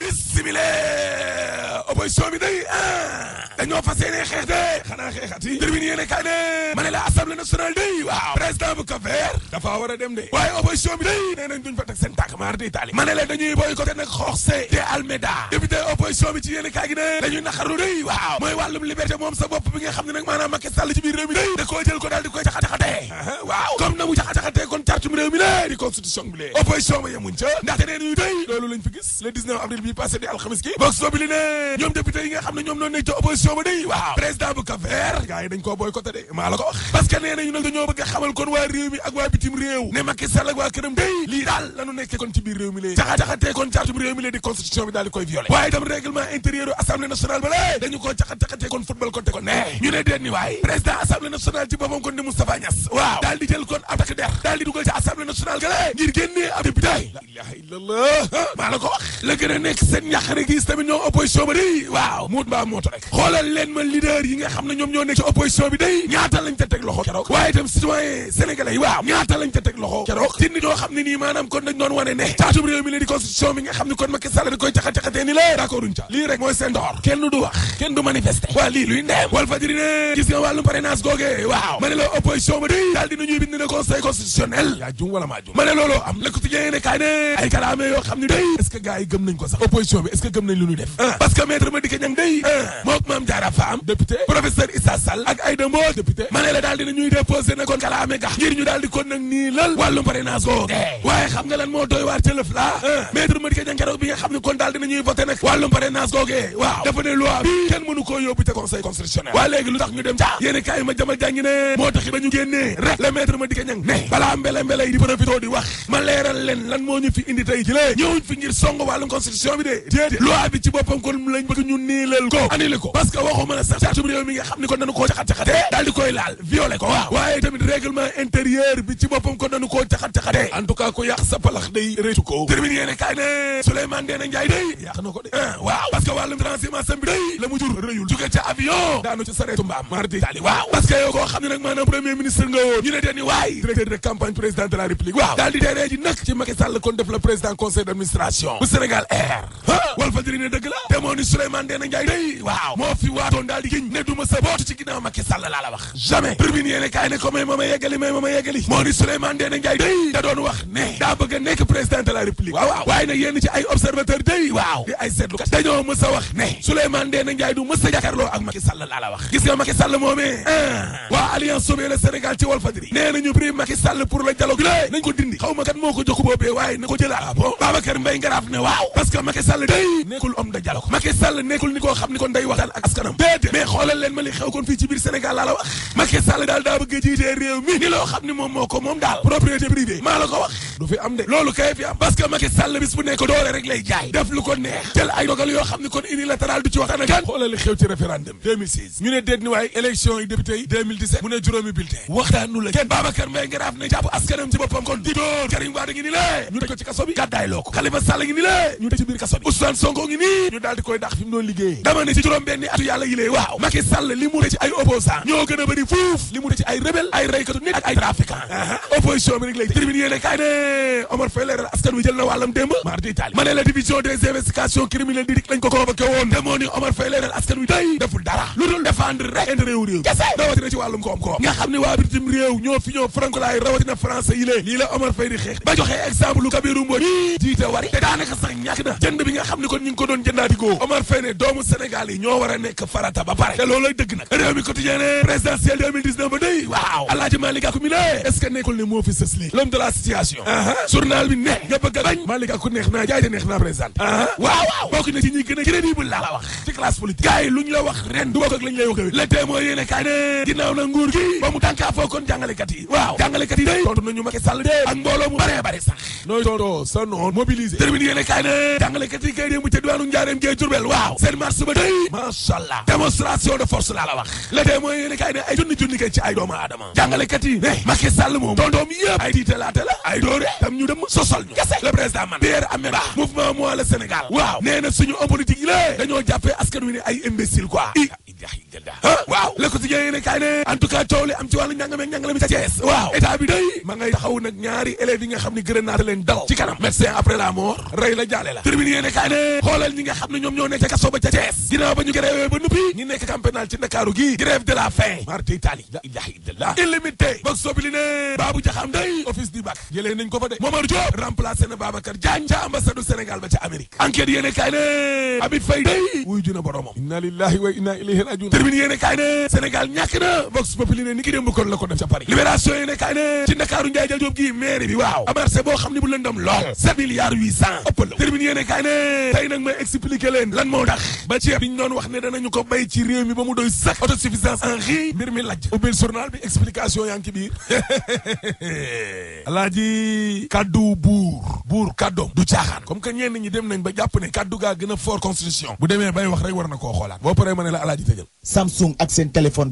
Bismillah! Operation Midday! Ah! dañoo fas yéene xeex de xanaa xeexati termine yéene kay ne ma ne la assemblée nationale day waaw président bu ko dafa war a dem de waaye opposition bi day ne la dañuy boycotté nag day waaw mooy wàllum liberté moom sa bopp bi nga xam ne nag maanaam Macky Sall ci biir mi day da ko daal di koy caxa waaw comme na mu caxa kon charte réew mi di constitution bi le 19 avril bi passé di alxamis gi vox populi ne ñoom député yi nga xam ne ñoom émission waa daal di jël kon attaque der daal di dugal ci assemblée nationale gale ngir génnee ab député illallah maa la ko wax la gën a nekk seen ñaxare gis tamit ñoom opposition ba day waaw muut mbaa muut rek xoolal leen ma leader yi nga xam ne ñoom ñoo nekk ci opposition bi day ñaata lañ ca loxo keroog waaye itam citoyen sénégalais yi waaw ñaata wane ne caatum réew la di constitution bi nga xam ne kon Macky Sall da koy caxa-caxatee ni la d'accord duñ ca rek mooy seen ndoor kenn du wax kenn du manifester waa lii luy ndeem wal fajiri ne gis nga wàllum parrainage googee waaw ma ne la ma kalaame yoo xam ne day est bi est-ce que gëm ñuy ah. ah. déposé na kon kalaame ga ngir ñu daal kon nag nii lal wàllum parrainage googu eh. waaye xam ah. waaw dafa ne loi kenn mënu koo conseil constitutionnel waa léegi lu tax ñu dem ca yéeni kaay ma jamal jàngi ne moo taxi ba ñu génnee rek la maître Madické Niang ne balaa mbele mbele yi di profité di wax ma leeral leen lan moo ñu fi indi tey jëlee ñëwuñ fi ngir song wàllum constitution bi de déedéet loi bi ci boppam ko annulé ko parce que waxuma ne sax càttum réew mi nga xam ko waaw ci boppam kon dañu koo caxat-caxatee en tout cas ku yàq sa palax day réccu ko terminé yéene kaay ne Souleymane Ndéné Ndiaye de ah, la mu jur rëyul jóge ca avion ci sareetu mbaam mardi tali waaw président de la république waaw daal di teeree ji ci Macky Sall kon def la président président da doon wax ne daa bëgg a nekk président de la république waaw waaw waaye nag yénn ci ay observateur day waaw di ay seetlukat dañoo mës a wax ne Souleymane Ndéné Ndiaye du mës a jàkkaarloo ak Macky Sall laa la wax gis nga Macky Sall moomee waa alliance Sauver le Sénégal ci Walfadjri nee nañu prix Macky Sall pour le dialogue ko dindi xaw ma moo ko jox boobee waaye na ko jëlaat ah bon Babacar Ngaraaf ne waaw parce que Macky day nekkul homme de dialogue Macky Sall nekkul ni koo xam ni kon day waxtaan ak askanam daal daa bëgg a réew mi ni loo xam ni moom moo ko moom daal propriété privée maa la ko wax du fi am de loolu kay fi am parce que Macky bis bu nekk doole rek lay jaay def lu ko neex jël ay dogal yoo xam ni kon unilatéral du ci waxtaan ak kan xoolal xew ci référendum 2006 ñu ne déet ni waaye élection député yi gàddaay loo ko Khalifa Sall ngi ni lé ñu teg ci biir kaso Ousmane Sonko ngi nii ñu daal di koy dàq fi doon liggéey dama ne ci juróom benni atu yàlla yi lée waaw Macky Sall li mu teg ci ay opposant ñoo gën a bëri li mu ci ay rebelle ay reykatu nit ak ay trafiquant opposition bi rek lay tribune yéene kaay ne Omar Feller leeral askan wi jël na wàllam démb mar d' itali la division des investigations criminelles di dik lañ ko convoqué woon te Omar Feller leeral askan wi day deful dara lu dul défendre rek intérêt wu réew kese rawatina ci wàllum koom-koom nga xam ne waa bitim réew ñoo fi ñoo franco laay rawatina français yi lée lii la Omar Faye di xeex ba joxe exemple lu Kabirou Mbodj bi jiite wari te daanaka sax ñàkk jënd bi nga xam ne kon ñu ko doon jëndaati ko Omar Faye doomu Sénégal yi ñoo war a nekk farata ba pare loolooy dëgg nag réew mi quotidien ne présidentielle 2019 ba day waaw Alaaji mi ne est que nekkul ne moo fi sës li de la situation journal bi ne nga bëgg bañ Malick neex naa jaay te neex naa présidente waaw waaw bokk na ci ñi crédible la ci classe politique gars lu ñu la wax ren du nooy tooroo sa noon mobilisé terminé yéene kaay ne jàngalekat yi kay dee mu ca diwaanu njaareem gee jurbel waaw seen marche ba day macha allah démonstration de force laa la wax le tee mooy yéene kaay ne ay junni junni kay ci ay doomu aadama jàngalekat yi ne Macky Sall moom tondoom yëpp ay tiitalaate la ay doore tam ñu dem sosol ñu kese président man Pierre Amet Ba mouvement moi le Sénégal waaw nee na suñu homme politique yi lé dañoo jàppee askan wi ay imbécile waaw le quotidien yéen kaay ne en tout cas am ci wàllu njàngame njàngale ca Thiès waaw état bi day ma ngay taxaw nag ñaari élèves yi nga xam ne grenade leen dal ci kanam médecin après la mort rey la jaale la tribune yéen kaay ne xoolal ñi xam ne ñoom ñoo nekk ca kaso ba ca Thiès ginnaaw ba ñu grève ba nuppi ñi nekk camp pénal ci Ndakaaru gi grève de la faim marti itali la ilaha day ba ca ne Habib Faye day wuy juna boromam inna lillahi wa inna ilayhi tribune yéene kaay ne Sénégal ñàkk na Vox Populi ne ni ki démb kon la ko def ca Paris libération yéene kaay ne ci Ndakaaru Njaay Jal Joob gi mairie bi waaw amarcé boo xam ne bu lëndëm lool sept milliards huit cent ëpp la tribune yéene nag ma expliqué leen lan moo tax ba ceeb bi ñu wax ne danañu ko béy ci réew mi ba mu doy sax autosuffisance en riz mbir mi lajj ubbil journal bi explication yaa ngi alaaji kaddu buur buur kaddoom du caaxaan comme que ñenn a wax rek war na koo xoolaat Samsung ak seen téléphone.